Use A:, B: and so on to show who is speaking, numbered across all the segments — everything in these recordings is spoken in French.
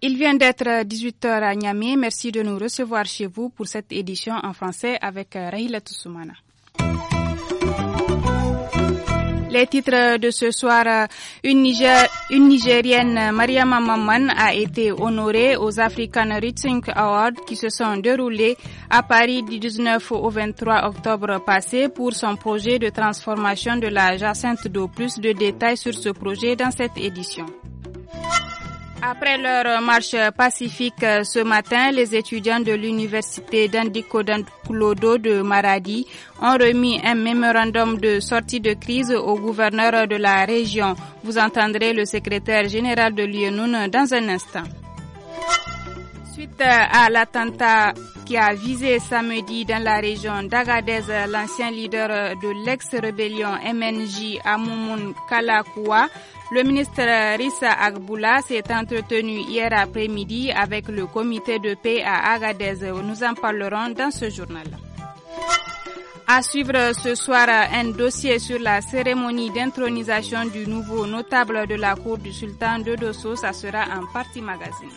A: Il vient d'être 18h à Niamey. Merci de nous recevoir chez vous pour cette édition en français avec euh, Rahila Toussoumana les titres de ce soir, euh, une, Nigérienne, euh, Mariam a été honorée aux African Writing Awards qui se sont déroulés à Paris du 19 au 23 octobre passé pour son projet de transformation de la jacinthe d'eau. Plus de détails sur ce projet dans cette édition. Après leur marche pacifique euh, ce matin, les étudiants de l'université d'Andiko Clodo de Maradi ont remis un mémorandum de sortie de crise au gouverneur de la région. Vous entendrez le secrétaire général de l'UNUN dans un instant. Suite euh, à l'attentat qui a visé samedi dans la région d'Agadez, l'ancien leader euh, de l'ex-rébellion MNJ Amoumoun Kalakoua, le ministre euh, Rissa Agboula s'est entretenu hier après-midi avec le comité de paix à Agadez. Nous en parlerons dans ce journal. À suivre ce soir un dossier sur la cérémonie d'intronisation du nouveau notable de la cour du sultan de Dosso, ça sera en partie magazine.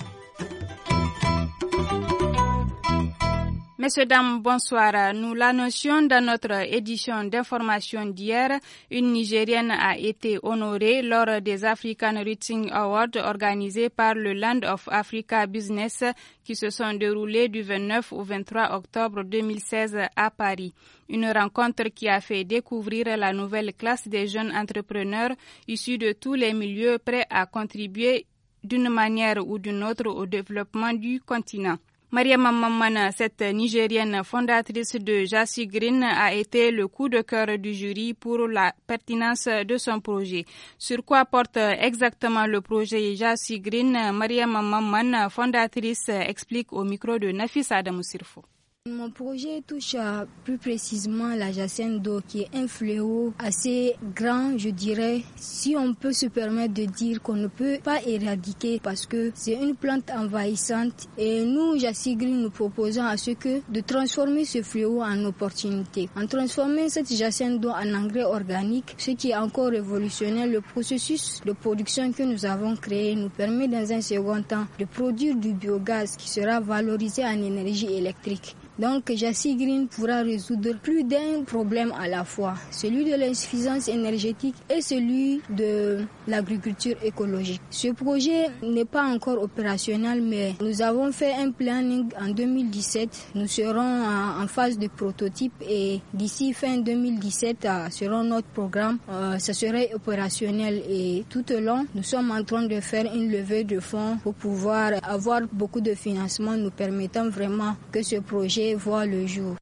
A: Messieurs, dames, bonsoir. Nous l'annoncions dans notre édition d'information d'hier. Une Nigérienne a été honorée lors des African Reaching Awards organisés par le Land of Africa Business qui se sont déroulés du 29 au 23 octobre 2016 à Paris. Une rencontre qui a fait découvrir la nouvelle classe des jeunes entrepreneurs issus de tous les milieux prêts à contribuer d'une manière ou d'une autre au développement du continent. Maria Mamman, cette Nigérienne fondatrice de Jassi Green, a été le coup de cœur du jury pour la pertinence de son projet. Sur quoi porte exactement le projet Jassi Green Maria Mamman, fondatrice, explique au micro de Nafis Adam Sirfo.
B: Mon projet touche plus précisément la jacinthe d'eau qui est un fléau assez grand, je dirais, si on peut se permettre de dire qu'on ne peut pas éradiquer parce que c'est une plante envahissante et nous, Jassigri, nous proposons à ce que de transformer ce fléau en opportunité. En transformant cette jacinthe d'eau en engrais organique, ce qui est encore révolutionnaire, le processus de production que nous avons créé nous permet dans un second temps de produire du biogaz qui sera valorisé en énergie électrique. Donc Jassy Green pourra résoudre plus d'un problème à la fois, celui de l'insuffisance énergétique et celui de l'agriculture écologique. Ce projet n'est pas encore opérationnel, mais nous avons fait un planning en 2017. Nous serons en phase de prototype et d'ici fin 2017, euh, selon notre programme, euh, ça serait opérationnel et tout au long, nous sommes en train de faire une levée de fonds pour pouvoir avoir beaucoup de financement nous permettant vraiment que ce projet voit le jour.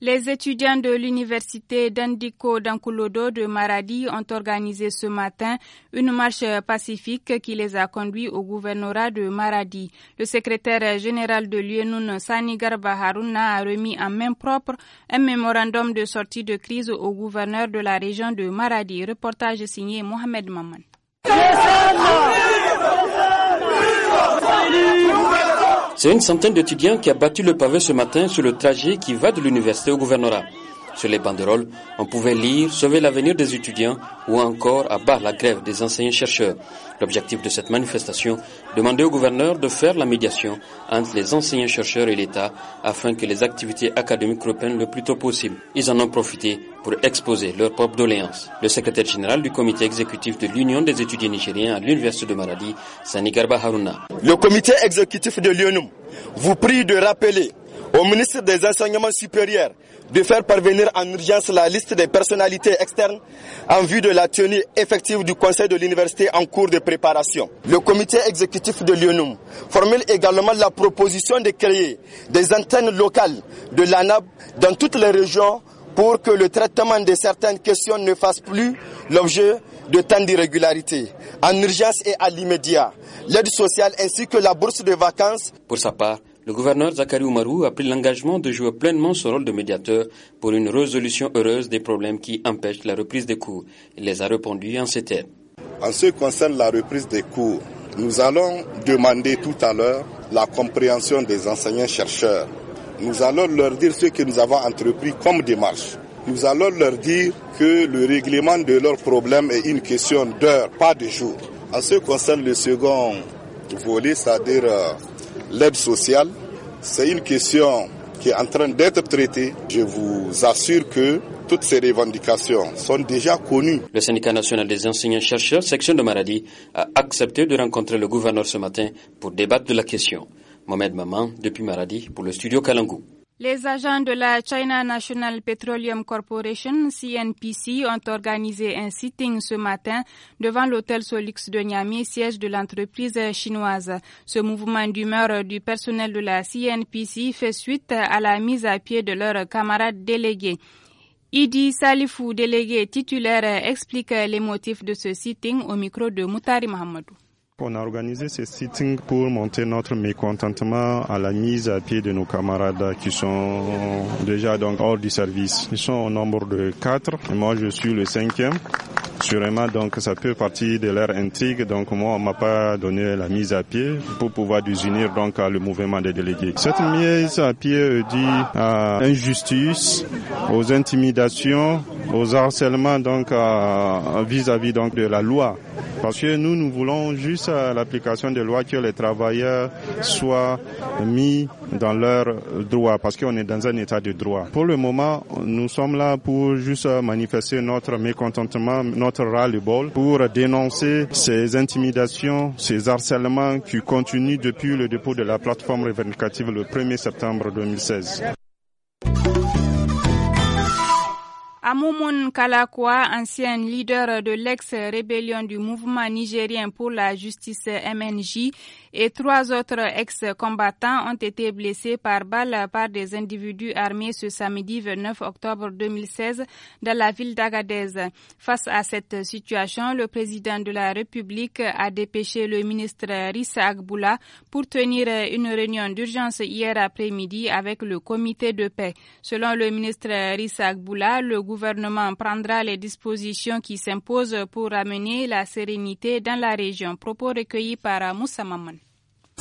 A: Les étudiants de l'université d'Andiko d'Ankulodo de Maradi ont organisé ce matin une marche pacifique qui les a conduits au gouvernorat de Maradi. Le secrétaire général de l'UNUN, Sani Garba a remis en main propre un mémorandum de sortie de crise au gouverneur de la région de Maradi. Reportage signé Mohamed Maman.
C: C'est une centaine d'étudiants qui a battu le pavé ce matin sur le trajet qui va de l'université au gouvernorat. Sur les banderoles, on pouvait lire Sauver l'avenir des étudiants ou encore à bas la grève des enseignants-chercheurs. L'objectif de cette manifestation, demander au gouverneur de faire la médiation entre les enseignants-chercheurs et l'État afin que les activités académiques reprennent le plus tôt possible. Ils en ont profité pour exposer leur propre doléances. Le secrétaire général du comité exécutif de l'Union des étudiants nigériens à l'Université de Maradi, Sani Garba Haruna.
D: Le comité exécutif de l'UNUM vous prie de rappeler au ministre des Enseignements supérieurs de faire parvenir en urgence la liste des personnalités externes en vue de la tenue effective du Conseil de l'université en cours de préparation. Le comité exécutif de l'UNUM formule également la proposition de créer des antennes locales de l'ANAB dans toutes les régions pour que le traitement de certaines questions ne fasse plus l'objet de tant d'irrégularités, en urgence et à l'immédiat, l'aide sociale ainsi que la bourse de vacances.
C: Pour sa part, le gouverneur Zakari Oumarou a pris l'engagement de jouer pleinement son rôle de médiateur pour une résolution heureuse des problèmes qui empêchent la reprise des cours. Il les a répondu en ces termes. En ce qui
D: concerne la reprise des cours, nous allons demander tout à l'heure la compréhension des enseignants-chercheurs. Nous allons leur dire ce que nous avons entrepris comme démarche. Nous allons leur dire que le règlement de leurs problèmes est une question d'heure, pas de jour. En ce qui concerne le second volet, c'est-à-dire euh, l'aide sociale, c'est une question qui est en train d'être traitée. Je vous assure que toutes ces revendications sont déjà
C: connues. Le syndicat national des enseignants-chercheurs, section de Maradi, a accepté de rencontrer le gouverneur ce matin pour débattre de la question. Mohamed Maman, depuis Maradi, pour le studio Kalangou.
A: Les agents de la China National Petroleum Corporation, CNPC, ont organisé un sitting ce matin devant l'hôtel Solix de Niamey, siège de l'entreprise chinoise. Ce mouvement d'humeur du personnel de la CNPC fait suite à la mise à pied de leurs camarades délégués. Idi Salifou, délégué titulaire, explique les motifs de ce sitting au micro de Moutari Mahamadou.
D: On a organisé ce sitting pour monter notre mécontentement à la mise à pied de nos camarades qui sont déjà donc hors du service. Ils sont au nombre de quatre. Moi, je suis le cinquième. Sûrement, donc, ça peut partir de leur intrigue. Donc, moi, on m'a pas donné la mise à pied pour pouvoir désunir, donc, le mouvement des délégués. Cette mise à pied dit à injustice, aux intimidations, aux harcèlements, donc, vis-à-vis, -vis, donc, de la loi. Parce que nous, nous voulons juste à euh, l'application des lois que les travailleurs soient mis dans leurs droits, parce qu'on est dans un état de droit. Pour le moment, nous sommes là pour juste euh, manifester notre mécontentement, notre ras-le-bol, pour dénoncer ces intimidations, ces harcèlements qui continuent depuis le dépôt de la plateforme revendicative le 1er septembre 2016.
A: Amoumoun Kalakwa, ancien leader de l'ex-rébellion du mouvement nigérien pour la justice MNJ, et trois autres ex-combattants ont été blessés par balles par des individus armés ce samedi 29 octobre 2016 dans la ville d'Agadez. Face à cette situation, le président de la République a dépêché le ministre Rissa Agboula pour tenir une réunion d'urgence hier après-midi avec le comité de paix. Selon le ministre Rissa Agboula, le le gouvernement prendra les dispositions qui s'imposent pour amener la sérénité dans la région. Propos recueillis par Moussa Maman.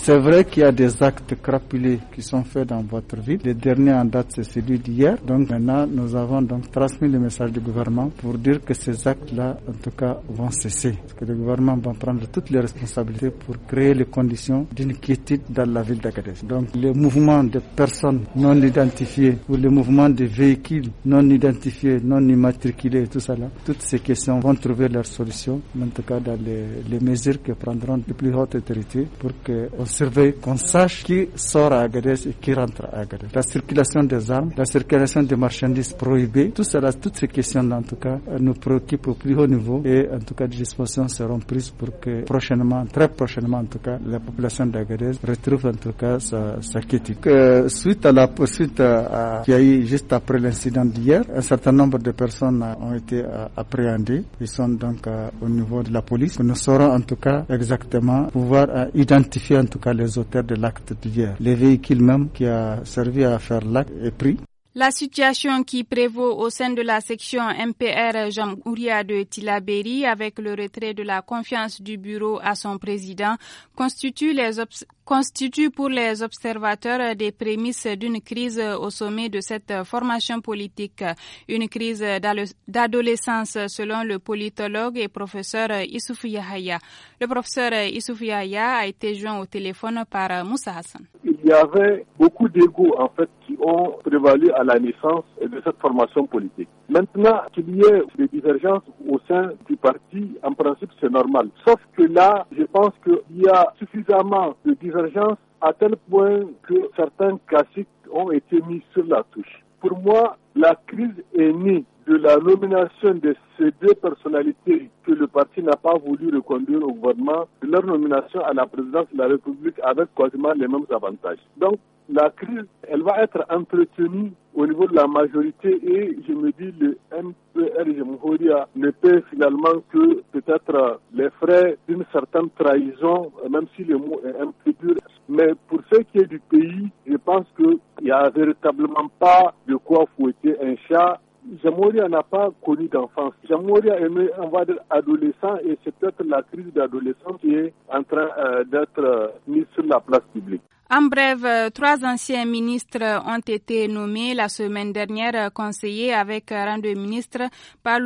E: C'est vrai qu'il y a des actes crapulés qui sont faits dans votre ville. Le dernier en date, c'est celui d'hier. Donc maintenant, nous avons donc transmis le message du gouvernement pour dire que ces actes-là, en tout cas, vont cesser. Parce que le gouvernement va prendre toutes les responsabilités pour créer les conditions d'une quiétude dans la ville d'Agadez. Donc le mouvement de personnes non identifiées ou le mouvement de véhicules non identifiés, non immatriculés et tout ça là, toutes ces questions vont trouver leur solution, en tout cas dans les, les mesures que prendront les plus hautes autorités pour que surveille, qu'on sache qui sort à Agadez et qui rentre à Agadez. La circulation des armes, la circulation des marchandises prohibées, tout cela, toutes ces questions-là, en tout cas, nous préoccupent au plus haut niveau et, en tout cas, des dispositions seront prises pour que prochainement, très prochainement, en tout cas, la population d'Agadez retrouve, en tout cas, sa, sa euh, suite à la poursuite qui a eu juste après l'incident d'hier, un certain nombre de personnes ont été euh, appréhendées. Ils sont donc euh, au niveau de la police. Nous saurons, en tout cas, exactement pouvoir identifier, en tout les auteurs de l'acte d'hier. Les véhicules même qui a servi à faire l'acte est pris
A: la situation qui prévaut au sein de la section MPR Jean-Gouria de Tilaberi avec le retrait de la confiance du bureau à son président constitue, pour les observateurs des prémices d'une crise au sommet de cette formation politique, une crise d'adolescence selon le politologue et professeur Issouf Yahya. Le professeur Issouf Yahya a été joint au téléphone par Moussa Hassan
F: il y avait beaucoup d'ego en fait qui ont prévalu à la naissance de cette formation politique. Maintenant qu'il y ait des divergences au sein du parti, en principe c'est normal. Sauf que là, je pense qu'il y a suffisamment de divergences à tel point que certains classiques ont été mis sur la touche. Pour moi, la crise est née de la nomination de ces deux personnalités que le parti n'a pas voulu reconduire au gouvernement, de leur nomination à la présidence de la République avec quasiment les mêmes avantages. Donc, la crise, elle va être entretenue au niveau de la majorité et je me dis le MPR Jemhouria ne paie finalement que peut-être les frais d'une certaine trahison, même si le mot est un peu dur. Mais pour ce qui est du pays, je pense qu'il n'y a véritablement pas de quoi fouetter un chat Jamoria n'a pas connu d'enfance. Jamoria est aimé un adolescent et c'est peut-être la crise d'adolescence qui est en train euh, d'être euh, mise sur la place publique.
A: En bref, euh, trois anciens ministres ont été nommés la semaine dernière conseillers avec rang de ministre par